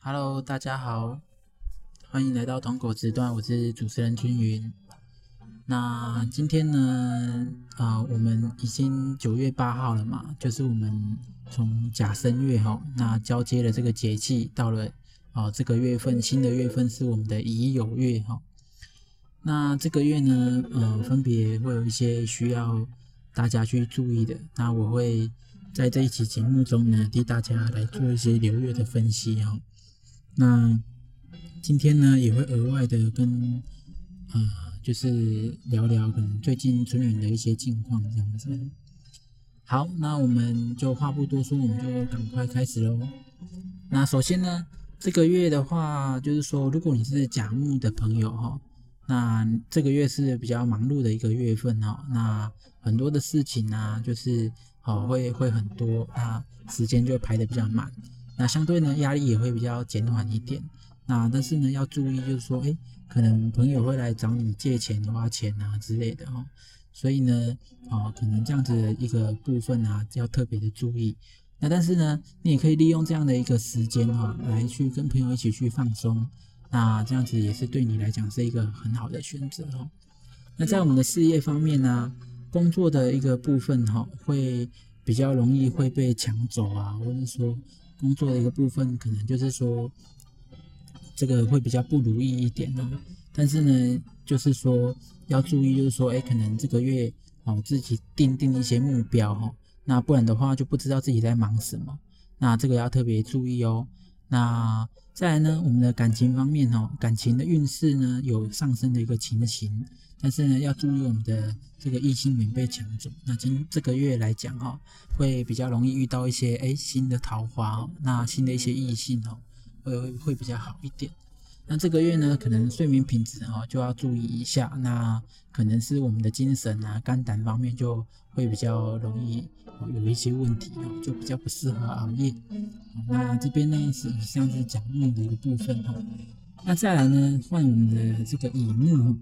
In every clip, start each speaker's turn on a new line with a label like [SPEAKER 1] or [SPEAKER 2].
[SPEAKER 1] Hello，大家好，歡迎來到同狗直斷，我是主持人君雲。那今天呢，啊、呃，我們已經九月八號了嘛，就是我們從甲申月哈，那交接了這個節氣到了，啊、呃，這個月份新的月份是我們的乙酉月哈、哦。那這個月呢，呃，分別會有一些需要大家去注意的。那我會在這一期節目中呢，替大家來做一些流月的分析哦。那今天呢，也會額外的跟，呃，就是聊聊可能最近春雨的一些近況這樣子。好，那我們就話不多說，我們就趕快開始嘍。那首先呢，這個月的話，就是說，如果你是甲木的朋友哈，那這個月是比較忙碌的一個月份哦。那很多的事情啊，就是好會會很多，啊，時間就排得比較滿。那相對呢，壓力也會比較減緩一點。那但是呢，要注意就是說，哎，可能朋友會來找你借錢、花錢啊之類的哦。所以呢，哦，可能這樣子的一個部分啊，要特別的注意。那但是呢，你也可以利用這樣的一個時間哈、哦，來去跟朋友一起去放鬆。那這樣子也是對你來講是一個很好的選擇哦。那在我們的事業方面呢、啊，工作的一個部分哈、哦，會比較容易會被搶走啊，或者說。工作的一個部分，可能就是說，這個會比較不如意一點啊，但是呢，就是說要注意，就是說誒，可能這個月哦，自己定定一些目標哦，那不然的話就不知道自己在忙什麼。那這個要特別注意哦。那再來呢，我們的感情方面哦，感情的運勢呢有上升的一個情形。但是呢，要注意我們的這個異性緣被搶走。那今這個月來講哈、哦，會比較容易遇到一些誒新的桃花、哦，那新的一些異性哦，會會比較好一點。那這個月呢，可能睡眠品質哈、哦、就要注意一下，那可能是我們的精神啊、肝膽方面就會比較容易有一些問題哦，就比較不適合熬夜。那這邊呢是以上是講木的一個部分哈，那再來呢換我們的這個乙木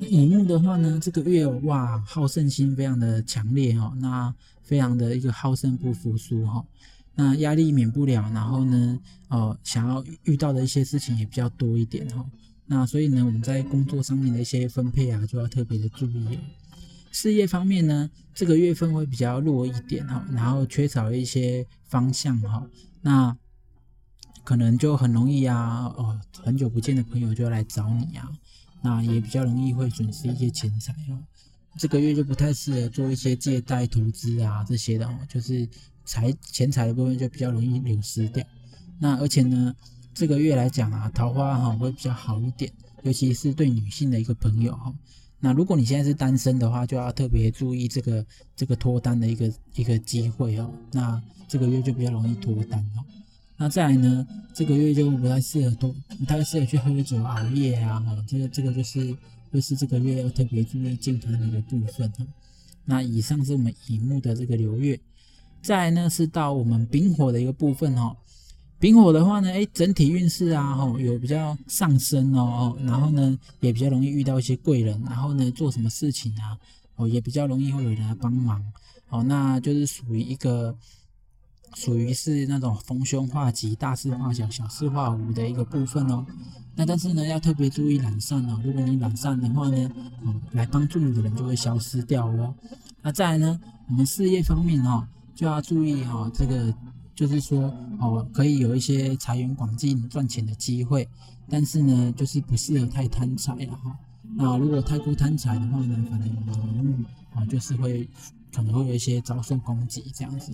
[SPEAKER 1] 乙木的話呢，這個月哇，好勝心非常的強烈哦。那非常的一個好勝不服輸哈，那壓力免不了，然後呢，哦、呃，想要遇到的一些事情也比較多一點哈、哦，那所以呢，我們在工作上面的一些分配啊，就要特別的注意哦。事業方面呢，這個月份會比較弱一點哈、哦，然後缺少一些方向哈、哦，那可能就很容易呀、啊，哦，很久不見的朋友就要來找你呀、啊。那也比較容易會損失一些錢財哦，這個月就不太適合做一些借貸投資啊這些的哦，就是財錢財的部分就比較容易流失掉。那而且呢，這個月來講啊，桃花哦會比較好一點，尤其是對女性的一個朋友哦。那如果你現在是單身的話，就要特別注意這個這個脫單的一個一個機會哦，那這個月就比較容易脫單哦。那再來呢，這個月就不太適合多，不太適合去喝酒、熬夜啊，哦、這個這個就是會、就是這個月要特別注意健康的一個部分、哦、那以上是我們乙木的這個流月，再來呢是到我們丙火的一個部分哦，丙火的話呢，哎，整體運勢啊，哦、有比較上升哦哦，然後呢也比較容易遇到一些貴人，然後呢做什麼事情啊，哦，也比較容易會有人來幫忙哦，那就是屬於一個。屬於是那種逢凶化吉、大事化小、小事化無的一個部分哦。那但是呢，要特別注意懶散哦。如果你懶散的話呢，哦，來幫助你的人就會消失掉哦。那再來呢，我們事業方面哦，就要注意哦，這個就是說哦，可以有一些財源廣進、賺錢的機會，但是呢，就是不適合太貪財了哈。那如果太過貪財的話呢，可能我們啊，嗯，就是會可能會有一些遭受攻擊這樣子。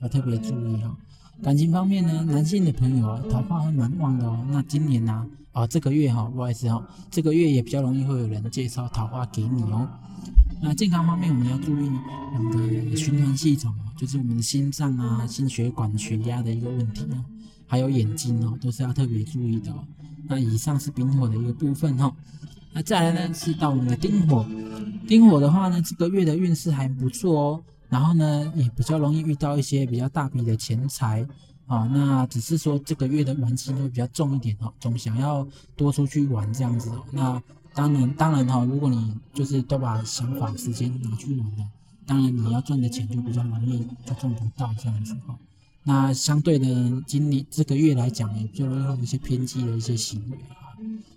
[SPEAKER 1] 要特別注意哦。感情方面呢，男性的朋友啊，桃花會蠻旺的哦。那今年呢、啊，啊這個月哈、啊，不好意思哈、啊，這個月也比較容易會有人介紹桃花給你哦。那健康方面，我們要注意我們的循環系統哦，就是我們的心臟啊、心血管、血壓的一個問題哦，還有眼睛哦，都是要特別注意的。哦。那以上是丙火的一個部分哈、哦。那再來呢，是到我們的丁火，丁火的話呢，這個月的運勢還不錯哦。然後呢，也比較容易遇到一些比較大筆的錢財，啊，那只是說這個月的玩心會比較重一點哦，總想要多出去玩這樣子。那當然，當然哈，如果你就是都把想法、時間拿去玩了，當然你要賺的錢就比較容易，就賺不到這樣子哈、啊。那相對的，今年這個月來講，也就容易有一些偏激的一些行為啊，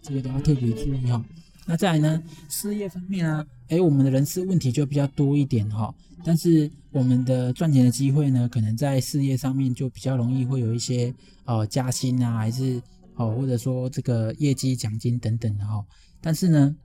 [SPEAKER 1] 這個都要特別注意哦。啊那再來呢？事業方面啊，哎、欸，我們的人事問題就比較多一點哈、喔。但是我們的賺錢的機會呢，可能在事業上面就比較容易會有一些哦、呃，加薪啊，還是哦、呃，或者說這個業績獎金等等的、喔、哈。但是呢，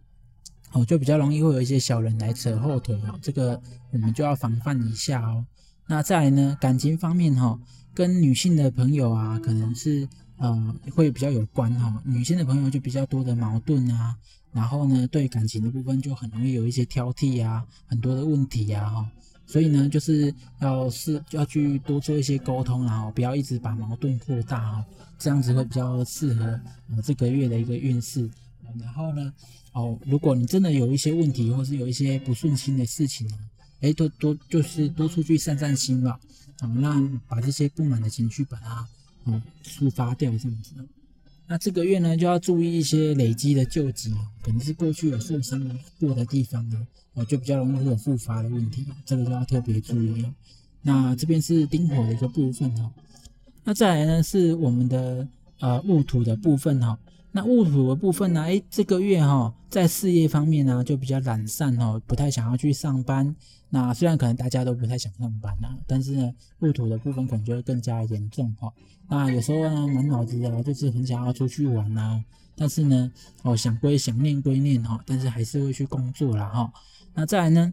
[SPEAKER 1] 哦、呃，就比較容易會有一些小人來扯後腿哈、喔。這個我們就要防範一下哦、喔。那再來呢？感情方面哈、喔，跟女性的朋友啊，可能是呃會比較有關哈、喔。女性的朋友就比較多的矛盾啊。然後呢，對感情的部分就很容易有一些挑剔啊，很多的問題啊、哦。所以呢，就是要是要去多做一些溝通，啊、哦，不要一直把矛盾擴大，啊，這樣子會比較適合、嗯、這個月的一個運勢、嗯。然後呢，哦，如果你真的有一些問題，或是有一些不順心的事情呢，哎，多多就是多出去散散心吧，好、嗯，讓把這些不滿的情緒把它嗯抒發掉，這樣子。那這個月呢，就要注意一些累積的舊疾哦，特別是過去有受傷過的地方呢，哦，就比較容易有復發的問題，這個就要特別注意哦。那這邊是丁火的一個部分哦，那再來呢是我們的呃戊土的部分哦。那戊土的部分呢、啊，哎，這個月哈、哦，在事業方面呢、啊，就比較懶散哦，不太想要去上班。那雖然可能大家都不太想上班吶、啊，但是呢，戊土的部分可能就會更加嚴重哈、哦。那有時候呢，滿腦子的就是很想要出去玩吶、啊，但是呢，哦想歸想，念歸念哈、哦，但是還是會去工作啦哈、哦。那再來呢，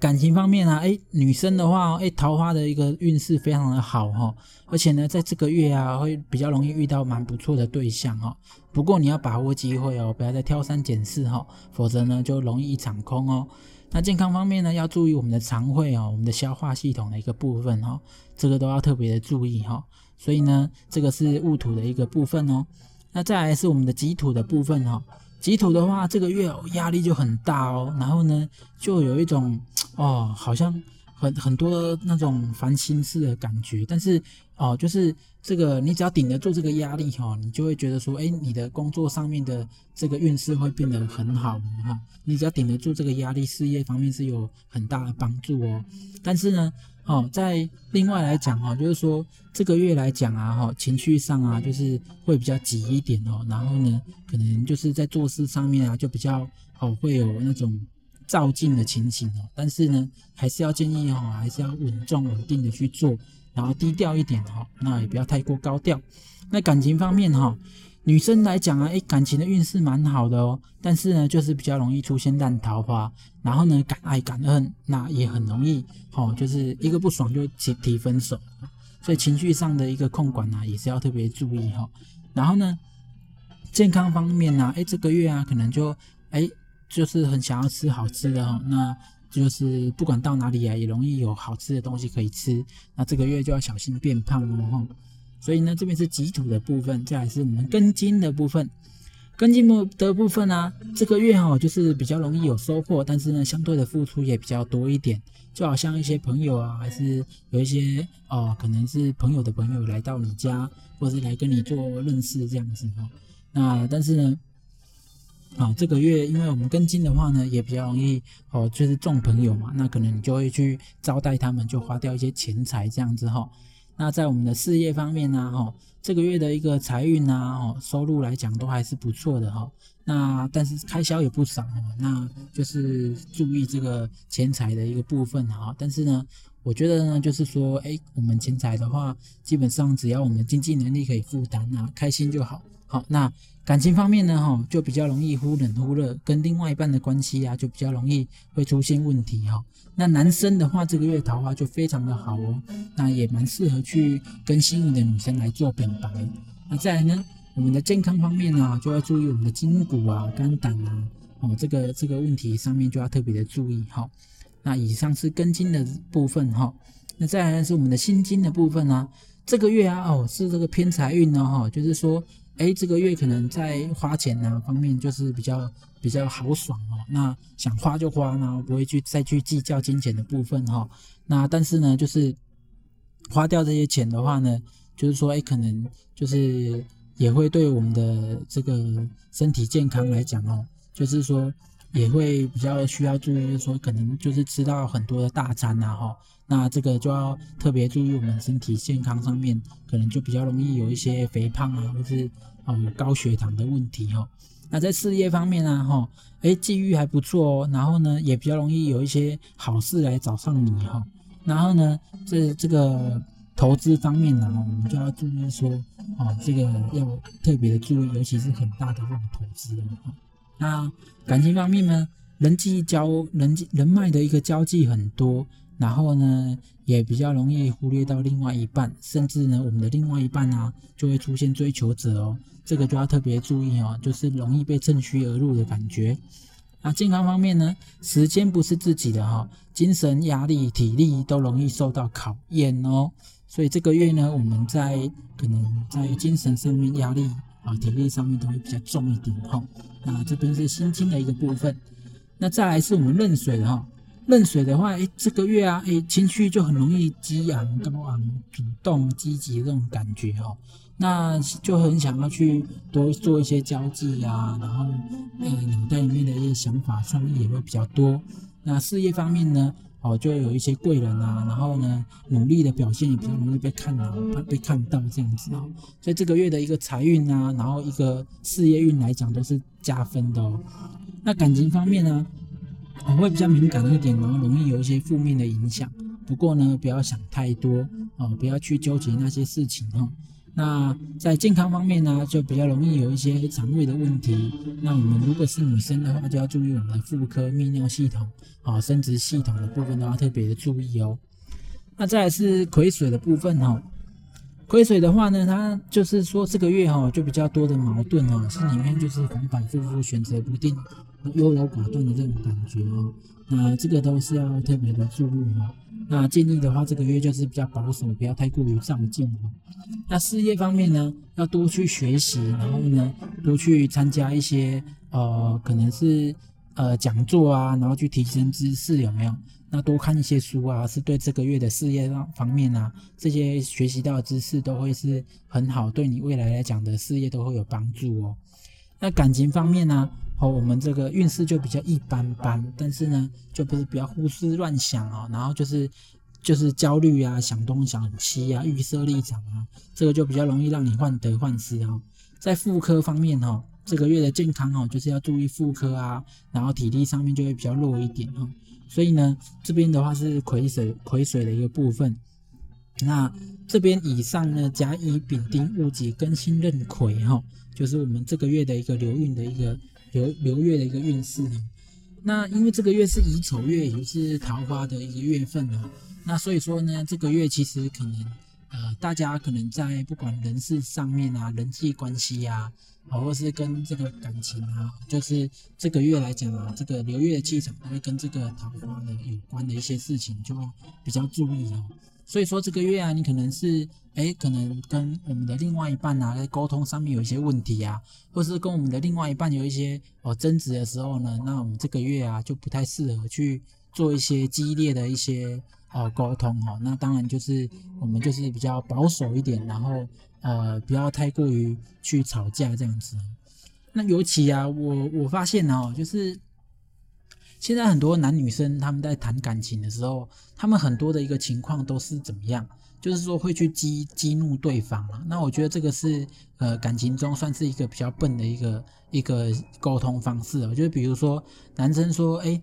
[SPEAKER 1] 感情方面啊，哎，女生的話、哦誒，桃花的一個運勢非常的好哈、哦，而且呢，在這個月啊，會比較容易遇到蠻不錯的對象哈、哦。不過你要把握機會哦，不要再挑三揀四哦，否則呢，就容易一場空哦。那健康方面呢，要注意我們的腸胃哦，我們的消化系統的一個部分哦，這個都要特別的注意哈、哦。所以呢，這個是戊土的一個部分哦。那再來是我們的己土的部分哦，己土的話這個月壓力就很大哦，然後呢就有一種哦，好像。很很多那種煩心事的感覺，但是哦，就是這個，你只要頂得住這個壓力哈，你就會覺得說，哎，你的工作上面的這個運勢會變得很好哦。你只要頂得住這個壓力，事業方面是有很大的幫助哦。但是呢，哦，在另外來講哦，就是說這個月來講啊，情緒上啊，就是會比較急一點哦。然後呢，可能就是在做事上面啊，就比較哦會有那種。照鏡的情形哦，但是呢，還是要建議哈、哦，還是要穩重穩定的去做，然後低調一點哈、哦，那也不要太過高調。那感情方面哈、哦，女生來講啊誒，感情的運勢蠻好的哦，但是呢，就是比較容易出現爛桃花，然後呢，敢愛敢恨，那也很容易、哦、就是一個不爽就提提分手，所以情緒上的一個控管呢、啊，也是要特別注意哈、哦。然後呢，健康方面呢、啊，哎，這個月啊，可能就誒就是很想要吃好吃的、哦、那就是不管到哪裡啊，也容易有好吃的東西可以吃。那這個月就要小心變胖了哦。所以呢，這邊是己土的部分，這還來是我們庚金的部分。庚金部的部分呢、啊，這個月、哦、就是比較容易有收穫，但是呢，相對的付出也比較多一點。就好像一些朋友啊，還是有一些哦，可能是朋友的朋友來到你家，或是來跟你做認識這樣子哈、哦。那但是呢，啊，這個月因為我們跟進的話呢，也比較容易哦，就是眾朋友嘛，那可能你就會去招待他們，就花掉一些錢財這樣子哈、哦。那在我們的事業方面呢、啊，哦，這個月的一個財運呢、啊，哦，收入來講都還是不錯的哈、哦。那但是開銷也不少哈、哦，那就是注意這個錢財的一個部分哈、哦。但是呢，我覺得呢，就是說，哎，我們錢財的話，基本上只要我們經濟能力可以負擔啊，開心就好。好、哦，那。感情方面呢、哦，就比較容易忽冷忽熱，跟另外一半的關係啊，就比較容易會出現問題哈、哦。那男生的話，這個月桃花就非常的好哦，那也蠻適合去跟心儀的女生來做表白。那再來呢，我們的健康方面呢，就要注意我們的筋骨啊、肝膽啊，哦，這個這個問題上面就要特別的注意哈、哦。那以上是庚金的部分哈、哦，那再來是我們的辛金的部分啊，這個月啊，哦，是這個偏財運呢，哈，就是說。哎，這個月可能在花錢呐、啊、方面就是比較比較豪爽哦，那想花就花，然後不會去再去計較金錢的部分哈、哦。那但是呢，就是花掉這些錢的話呢，就是說哎，可能就是也會對我們的這個身體健康來講哦，就是說也會比較需要注意，就是說可能就是吃到很多的大餐呐、啊、哈、哦。那這個就要特別注意，我們身體健康上面可能就比較容易有一些肥胖啊，或是、嗯、高血糖的問題哦。那在事業方面呢、啊，哈，哎，機遇還不錯哦。然後呢，也比較容易有一些好事來找上你哈、哦。然後呢，這這個投資方面呢、啊，我們就要注意說，哦、啊，這個要特別的注意，尤其是很大的這種投資。那感情方面呢，人際交人際人脈的一個交際很多。然後呢，也比較容易忽略到另外一半，甚至呢，我們的另外一半啊，就會出現追求者哦，這個就要特別注意哦，就是容易被趁虛而入的感覺。那健康方面呢，時間不是自己的哈、哦，精神壓力、體力都容易受到考驗哦。所以這個月呢，我們在可能在精神上面壓力啊，體力上面都會比較重一點哦。那這邊是辛金的一個部分，那再來是我們壬水哈、哦。壬水的話，哎，這個月啊，哎，情緒就很容易激昂高昂，嗯、主動積極這種感覺哦，那就很想要去多做一些交際呀、啊，然後，嗯，你們在裡面的一些想法、創意也會比較多。那事業方面呢，哦，就有一些貴人啊，然後呢，努力的表現也比較容易被看到、被看到這樣子哦。所以這個月的一個財運啊，然後一個事業運來講都是加分的哦。那感情方面呢？我會比較敏感一點、哦，然後容易有一些負面的影響。不過呢，不要想太多哦，不要去糾結那些事情哦。那在健康方面呢，就比較容易有一些腸胃的問題。那我們如果是女生的話，就要注意我們的婦科泌尿系統啊、哦、生殖系統的部分都要特別的注意哦。那再來是癸水的部分哈、哦。癸水的話呢，他就是說這個月哈、哦、就比較多的矛盾哦，心裡面就是反反复覆、選擇不定、優柔寡斷的這種感覺哦。那這個都是要特別的注意哈。那建議的話，這個月就是比較保守，不要太過於上進哦。那事業方面呢，要多去學習，然後呢多去參加一些呃，可能是。呃，講座啊，然後去提升知識有沒有？那多看一些書啊，是對這個月的事業上方面啊，這些學習到的知識都會是很好，對你未來來講的事業都會有幫助哦。那感情方面呢、啊，和、哦、我們這個運勢就比較一般般，但是呢，就不是比較胡思亂想哦，然後就是就是焦慮啊，想東想西啊，預設立場啊，這個就比較容易讓你患得患失哦。在婦科方面哦。這個月的健康哈、哦，就是要注意婦科啊，然後體力上面就會比較弱一點哈、哦。所以呢，這邊的話是癸水癸水的一個部分。那這邊以上呢，甲乙丙丁戊己庚辛壬癸哈、哦，就是我們這個月的一個流運的一個流流月的一個運勢。那因為這個月是乙酉月，也就是桃花的一個月份哦。那所以說呢，這個月其實可能呃，大家可能在不管人事上面啊，人際關係呀、啊。哦，或是跟這個感情啊，就是這個月來講啊，這個流月的氣場，會跟這個桃花有關的一些事情，就比較注意哦。所以說這個月啊，你可能是，哎，可能跟我們的另外一半啊，在溝通上面有一些問題啊，或是跟我們的另外一半有一些哦爭執的時候呢，那我們這個月啊，就不太適合去。做一些激烈的一些呃溝通哦，那當然就是我們就是比較保守一點，然後呃不要太過於去吵架這樣子。那尤其啊，我我發現哦，就是現在很多男女生他們在談感情的時候，他們很多的一個情況都是怎麼樣？就是說會去激激怒對方啊。那我覺得這個是呃感情中算是一個比較笨的一個一個溝通方式哦。我覺得比如說男生說哎。欸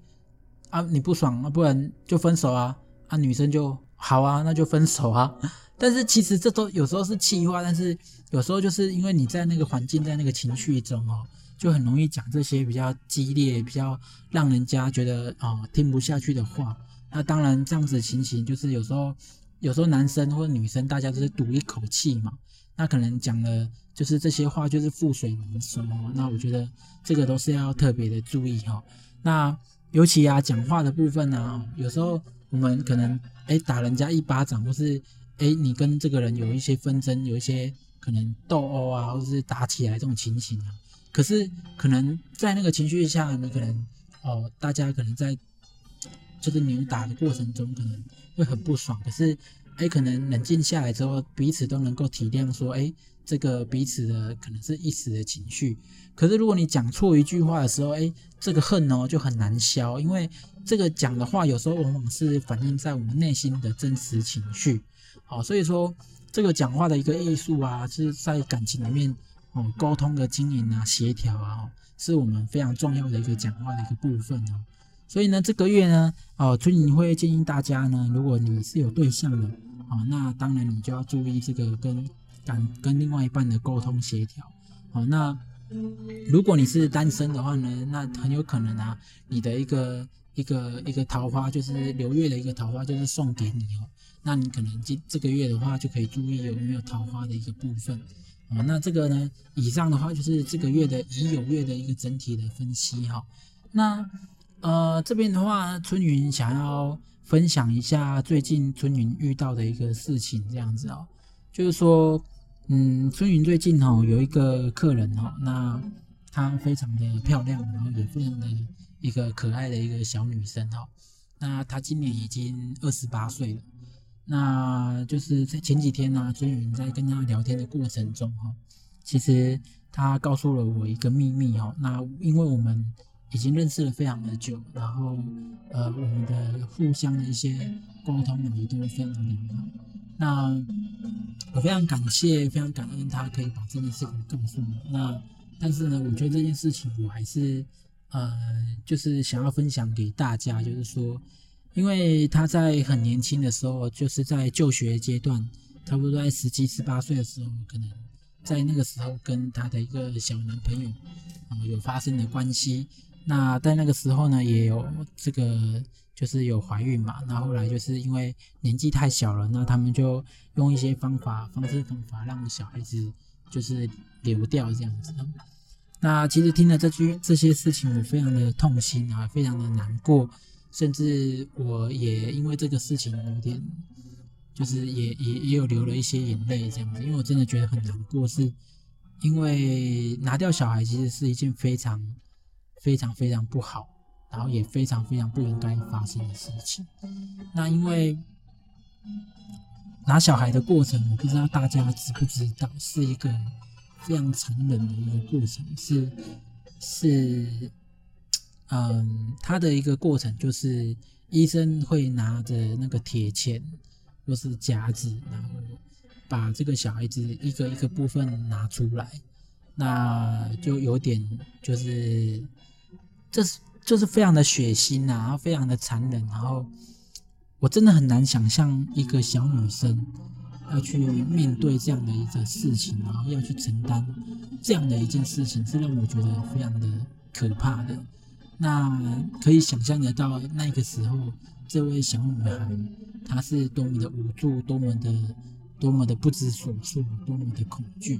[SPEAKER 1] 啊，你不爽啊，不然就分手啊！啊，女生就好啊，那就分手啊！但是其實這都有時候是氣話，但是有時候就是因為你在那個環境，在那個情緒中哦，就很容易講這些比較激烈、比較讓人家覺得啊、哦、聽不下去的話。那當然，這樣子的情形就是有時候，有時候男生或者女生大家都是賭一口氣嘛，那可能講了就是這些話，就是覆水難收。那我覺得這個都是要特別的注意哈、哦。那。尤其啊，講話的部分啊，哦，有時候我們可能誒打人家一巴掌，或是誒你跟這個人有一些紛爭，有一些可能鬥毆啊，或者是打起來這種情形啊。可是可能在那個情緒下，你可能哦大家可能在就是扭打的過程中可能會很不爽。可是誒可能冷靜下來之後，彼此都能夠體諒說，說哎。這個彼此的可能是一時的情緒，可是如果你講錯一句話的時候，哎，這個恨哦就很難消，因為這個講的話有時候往往是反映在我們內心的真實情緒。好，哦，所以說這個講話的一個藝術啊，是在感情裡面哦，溝通的經營啊、協調啊，是我們非常重要的一個講話的一個部分哦。所以呢，這個月呢，哦，春影會建議大家呢，如果你是有對象的，哦，那當然你就要注意這個跟。敢跟另外一半的溝通協調，好，那如果你是單身的話呢，那很有可能啊，你的一個一個一個桃花，就是流月的一個桃花，就是送給你哦。那你可能今這個月的話，就可以注意有沒有桃花的一個部分。哦，那這個呢，以上的話就是這個月的乙酉月的一個整體的分析哈、哦。那呃，這邊的話，春雲想要分享一下最近春雲遇到的一個事情，這樣子哦，就是說。嗯，春雲最近、哦、有一個客人、哦、那她非常的漂亮，然後也非常的一個可愛的一個小女生、哦、那她今年已經二十八歲了。那就是在前幾天呢、啊，春雲在跟她聊天的過程中、哦、其實她告訴了我一個秘密、哦、那因為我們已經認識了非常的久，然後呃，我們的互相的一些溝通也都非常的良好。那我非常感謝，非常感恩他可以把這件事情告訴我。那但是呢，我覺得這件事情我還是呃，就是想要分享給大家，就是說，因為他在很年輕的時候，就是在就學階段，差不多在十七、十八歲的時候，可能在那個時候跟他的一個小男朋友，呃，有發生的關係。那在那個時候呢，也有這個。就是有懷孕嘛，那後來就是因為年紀太小了，那他們就用一些方法、方式、方法讓小孩子就是流掉這樣子。那其實聽了這句這些事情，我非常的痛心啊，非常的難過，甚至我也因為這個事情有點，就是也也也有流了一些眼淚這樣子，因為我真的覺得很難過，是因為拿掉小孩其實是一件非常非常非常不好。然後也非常非常不應該發生的事情。那因為拿小孩的過程，我不知道大家知不知道，是一個非常殘忍的一個過程。是是，嗯，他的一個過程就是醫生會拿着那個鐵鉗或是夾子，然後把這個小孩子一個一個部分拿出來，那就有點就是這是。就是非常的血腥啊，然後非常的殘忍，然後我真的很難想象一個小女生要去面對這樣的一個事情，然後要去承擔這樣的一件事情，是讓我覺得非常的可怕的。那可以想象得到那個時候，這位小女孩她是多麼的無助，多麼的多麼的不知所措，多麼的恐懼。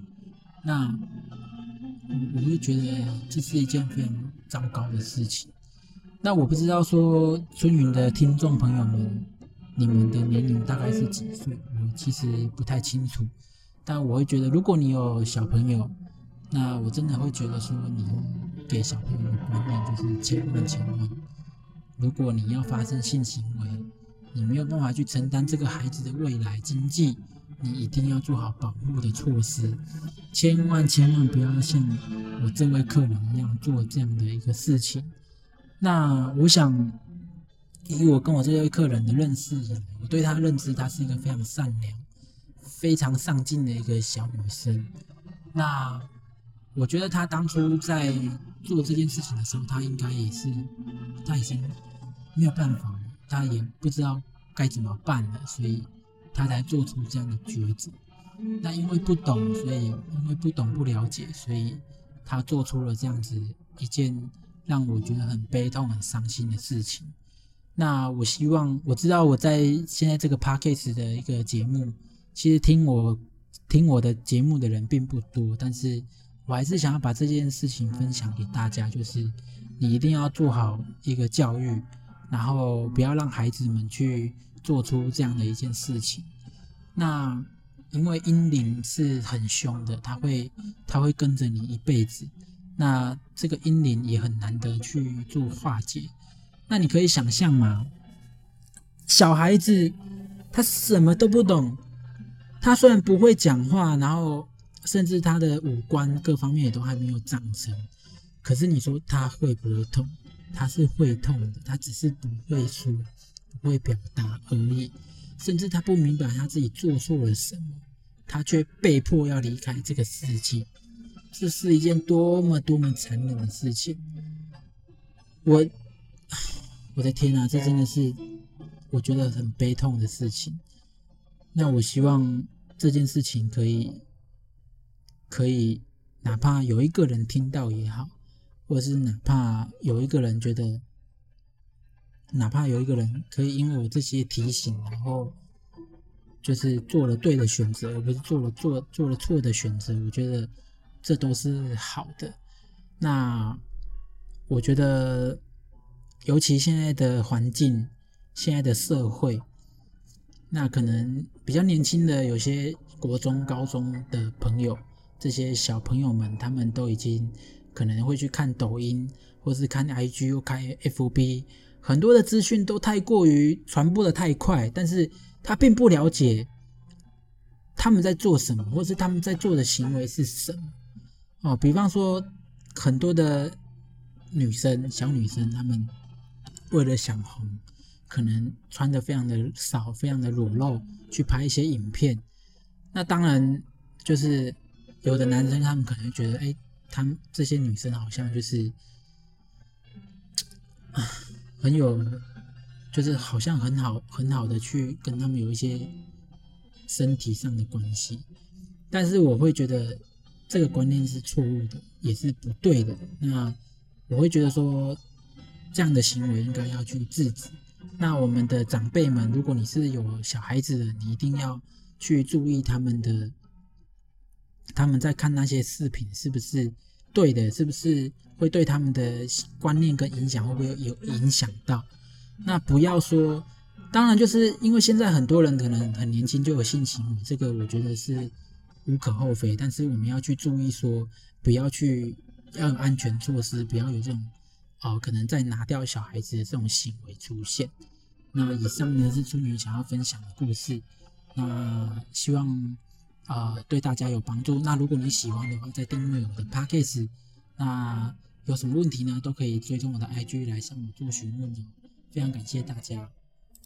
[SPEAKER 1] 那。我會覺得這是一件非常糟糕的事情。那我不知道說春雲的聽眾朋友們，你們的年齡大概是幾歲？我其實不太清楚。但我會覺得，如果你有小朋友，那我真的會覺得說，你給小朋友的觀念就是千萬千萬，如果你要發生性行為，你沒有辦法去承擔這個孩子的未來經濟。你一定要做好保護的措施，千萬千萬不要像我這位客人那樣做這樣的一個事情。那我想，以我跟我這位客人的認識，我對他的認知，她是一個非常善良、非常上進的一個小女生。那我覺得她當初在做這件事情的時候，她應該也是他已經沒有辦法了，她也不知道該怎麼辦了。所以。他才做出這樣的抉擇，那因為不懂，所以因為不懂不了解，所以他做出了這樣子一件讓我覺得很悲痛、很傷心的事情。那我希望，我知道我在現在這個 podcast 的一個節目，其實聽我聽我的節目的人並不多，但是我還是想要把這件事情分享給大家，就是你一定要做好一個教育，然後不要讓孩子們去。做出這樣的一件事情，那因為陰靈是很兇的，他會他會跟着你一輩子，那這個陰靈也很難得去做化解。那你可以想象嘛，小孩子他什麼都不懂，他雖然不會講話，然後甚至他的五官各方面也都還沒有長成，可是你說他會不會痛？他是會痛的，他只是不會說。不會表達而已，甚至他不明白他自己做錯了什麼，他卻被迫要離開這個世界，這是一件多麼多麼殘忍的事情！我，我的天哪、啊，這真的是我覺得很悲痛的事情。那我希望這件事情可以，可以，哪怕有一個人聽到也好，或者是哪怕有一個人覺得。哪怕有一個人可以因為我這些提醒，然後就是做了對的選擇，而不是做了做做了錯的選擇，我覺得這都是好的。那我覺得，尤其現在的環境，現在的社會，那可能比較年輕的有些國中、高中的朋友，這些小朋友們，他們都已經可能會去看抖音，或是看 IG，又看 FB。很多的資訊都太過於傳播的太快，但是他並不了解他們在做什麼，或是他們在做的行為是什麼。哦，比方說很多的女生，小女生，他們為了想紅，可能穿得非常的少，非常的裸露，去拍一些影片。那當然就是有的男生他們可能覺得，哎、欸，他們這些女生好像就是啊。很有，就是好像很好很好的去跟他們有一些身體上的關係，但是我會覺得這個觀念是錯誤的，也是不對的。那我會覺得說這樣的行為應該要去制止。那我們的長輩們，如果你是有小孩子的，你一定要去注意他們的，他們在看那些視頻是不是？對的，是不是會對他們的觀念跟影響會不會有影響到？那不要說，當然就是因為現在很多人可能很年輕就有性行為，這個我覺得是無可厚非。但是我們要去注意說，不要去要有安全措施，不要有這種、呃、可能在拿掉小孩子的這種行為出現。那以上呢是出女想要分享的故事，那、呃、希望。啊、呃，對大家有幫助。那如果你喜歡的話，再訂閱我的 podcast，那有什麼問題呢，都可以追蹤我的 IG 來向我做詢問哦。非常感謝大家。